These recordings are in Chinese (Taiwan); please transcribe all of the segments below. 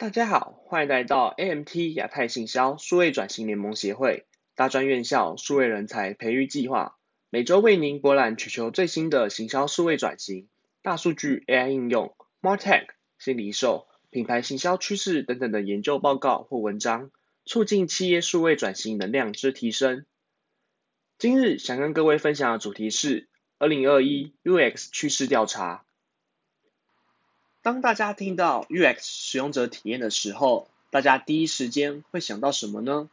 大家好，歡迎來到 AMT 亞太行銷數位轉型聯盟協會大專院校數位人才培育計劃，每周為您博覽全球最新的行銷數位轉型、大數據 AI 應用、MarTech 新零售、品牌行銷趨勢等等的研究報告或文章，促進企業數位轉型能量之提升。今日想跟各位分享的主題是2021 UX 趨勢調查。當大家聽到 UX 使用者體驗的時候，大家第一時間會想到什麼呢？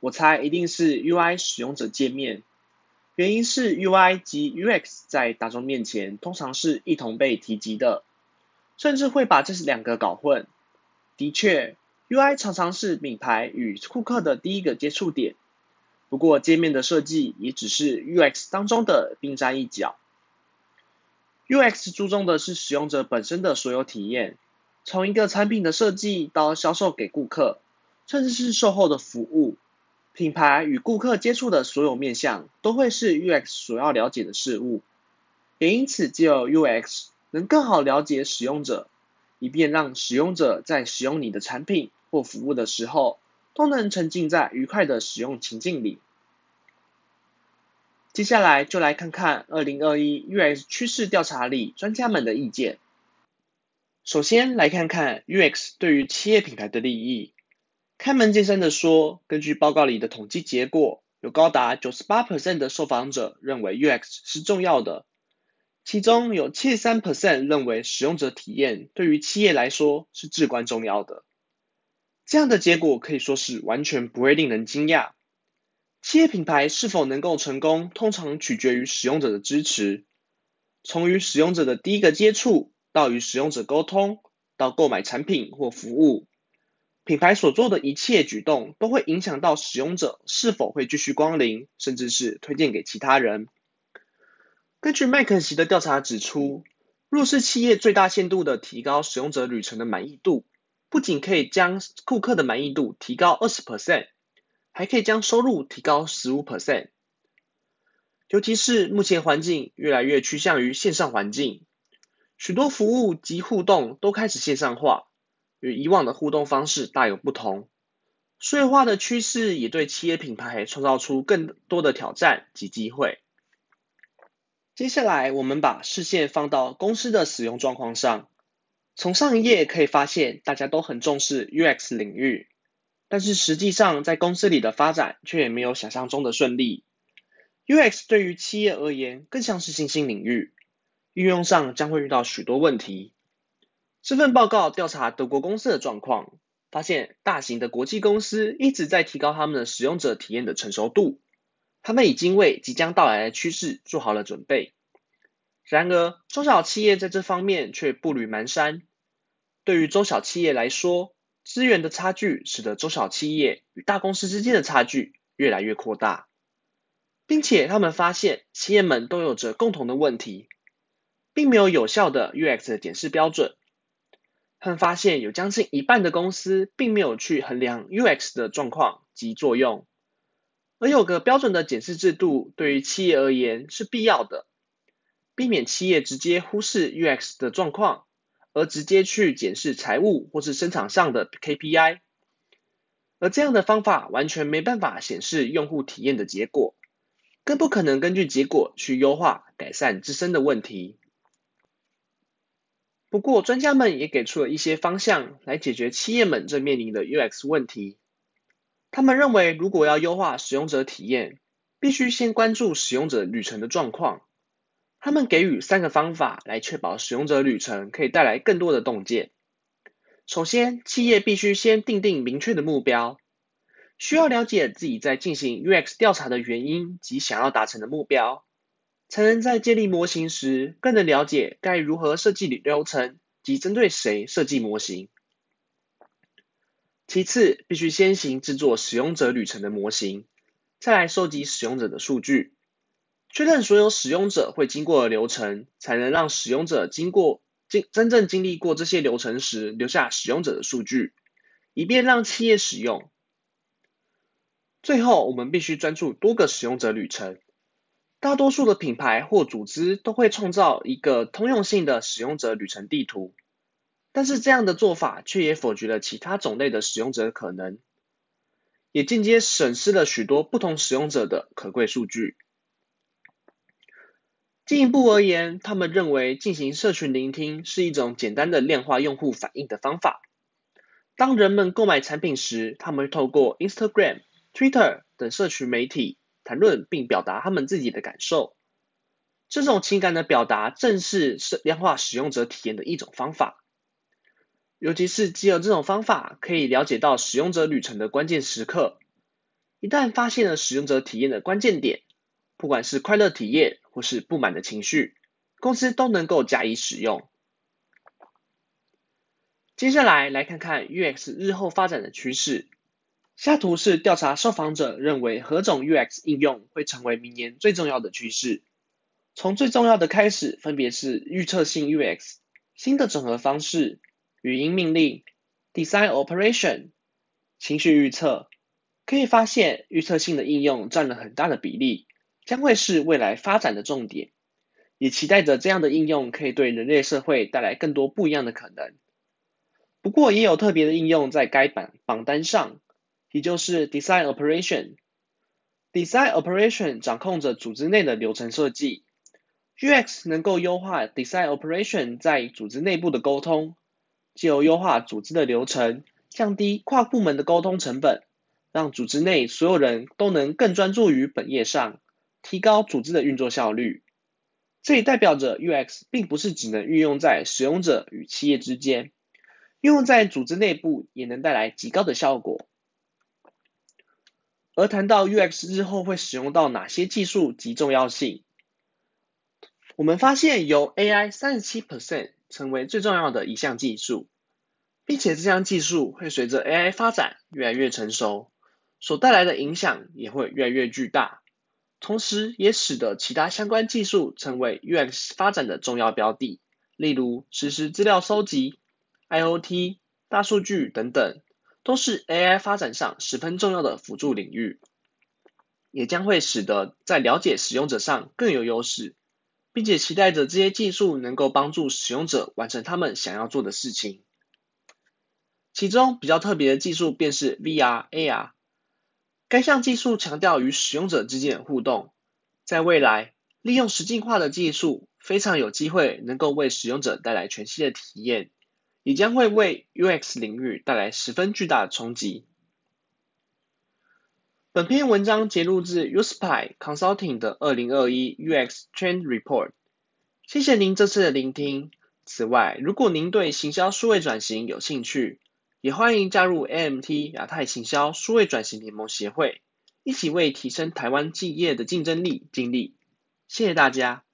我猜一定是 UI 使用者界面。原因是 UI 及 UX 在大眾面前通常是一同被提及的，甚至會把這兩個搞混。的確，UI 常常是品牌與顧客的第一個接觸點，不過界面的設計也只是 UX 當中的冰山一角。UX 注重的是使用者本身的所有體驗，從一個產品的設計到銷售給顧客，甚至是售後的服務，品牌與顧客接觸的所有面向，都會是 UX 所要了解的事物。也因此，只有 UX 能更好了解使用者，以便讓使用者在使用你的產品或服務的時候，都能沉浸在愉快的使用情境裡。接下來就來看看二零二一 UX 趨勢調查裡專家們的意見。首先來看看 UX 對於企業品牌的利益。開門見山的說，根據報告裡的統計結果，有高達九十八 percent 的受訪者認為 UX 是重要的，其中有七十三 percent 認為使用者體驗對於企業來說是至關重要的。這樣的結果可以說是完全不會令人驚訝。企業品牌是否能夠成功，通常取決於使用者的支持。從與使用者的第一個接觸，到與使用者溝通，到購買產品或服務，品牌所做的一切舉動，都會影響到使用者是否會繼續光臨，甚至是推薦給其他人。根據麥肯錫的調查指出，若是企業最大限度地提高使用者旅程的滿意度，不僅可以將顧客的滿意度提高20%，還可以將收入提高十五 percent，尤其是目前環境越來越趨向於線上環境，許多服務及互動都開始線上化，與以往的互動方式大有不同。數位化的趨勢也對企業品牌創造出更多的挑戰及機會。接下來，我們把視線放到公司的使用狀況上，從上一頁可以發現，大家都很重視 UX 領域。但是實際上，在公司裡的發展卻也沒有想象中的順利。UX 對於企業而言，更像是新興領域，運用上將會遇到許多問題。這份報告調查德國公司的狀況，發現大型的國際公司一直在提高他們的使用者體驗的成熟度，他們已經為即將到來的趨勢做好了準備。然而，中小企業在這方面卻步履蹣跚。對於中小企業來說，資源的差距使得中小企業與大公司之間的差距越來越擴大，並且他們發現企業們都有着共同的問題，並沒有有效的 UX 的檢視標準。他們發現有將近一半的公司並沒有去衡量 UX 的狀況及作用，而有個標準的檢視制度對於企業而言是必要的，避免企業直接忽視 UX 的狀況。而直接去檢視財務或是生產上的 KPI，而這樣的方法完全沒辦法顯示用戶體驗的結果，更不可能根據結果去優化改善自身的問題。不過專家們也給出了一些方向來解決企業們正面臨的 UX 問題。他們認為，如果要優化使用者體驗，必須先關注使用者旅程的狀況。他們給予三個方法來確保使用者旅程可以帶來更多的洞見。首先，企業必須先訂定明確的目標，需要了解自己在進行 UX 調查的原因及想要達成的目標，才能在建立模型時更能了解該如何設計流程及針對誰設計模型。其次，必須先行製作使用者旅程的模型，再來收集使用者的數據。確認所有使用者會經過的流程，才能讓使用者經過經真正經歷過這些流程時，留下使用者的數據，以便讓企業使用。最後，我們必須專注多個使用者旅程。大多數的品牌或組織都會創造一個通用性的使用者旅程地圖，但是這樣的做法卻也否決了其他種類的使用者可能，也間接損失了許多不同使用者的可貴數據。進一步而言，他們認為進行社群聆聽是一種簡單的量化用戶反應的方法。當人們購買產品時，他們會透過 Instagram、Twitter 等社群媒體談論並表達他們自己的感受。這種情感的表達正是量化使用者體驗的一種方法。尤其是，藉由這種方法，可以了解到使用者旅程的關鍵時刻。一旦發現了使用者體驗的關鍵點，不管是快樂體驗或是不滿的情緒，公司都能夠加以使用。接下來來看看 UX 日後發展的趨勢。下圖是調查受訪者認為何種 UX 應用會成為明年最重要的趨勢。從最重要的開始，分別是預測性 UX、新的整合方式、語音命令、Design Operation、情緒預測。可以發現，預測性的應用佔了很大的比例。將會是未來發展的重點，也期待着這樣的應用可以對人類社會帶來更多不一樣的可能。不過也有特別的應用在該榜榜單上，也就是 Design Operation。Design Operation 掌控着組織內的流程設計，UX 能夠優化 Design Operation 在組織內部的溝通，借由優化組織的流程，降低跨部門的溝通成本，讓組織內所有人都能更專注於本業上。提高組織的運作效率，這也代表着 UX 並不是只能運用在使用者與企業之間，運用在組織內部也能帶來極高的效果。而談到 UX 日後會使用到哪些技術及重要性，我們發現由 AI 37%成為最重要的一項技術，並且這項技術會隨着 AI 發展越來越成熟，所帶來的影響也會越來越巨大。同時，也使得其他相關技術成為 UX 發展的重要標的，例如實時資料收集、IoT、大數據等等，都是 AI 發展上十分重要的輔助領域，也將會使得在了解使用者上更有優勢，並且期待着這些技術能夠幫助使用者完成他們想要做的事情。其中比較特別的技術便是 VR、AR。該項技術強調與使用者之間的互動，在未來利用實境化的技術，非常有機會能夠為使用者帶來全新的體驗，也將會為 UX 領域帶來十分巨大的衝擊。本篇文章截錄自 Uspi Consulting 的二零二一 UX Trend Report。謝謝您這次的聆聽。此外，如果您對行銷數位轉型有興趣，也歡迎加入 AMT 亞太行銷數位轉型聯盟協會，一起為提升台灣企業的競爭力盡力。謝謝大家。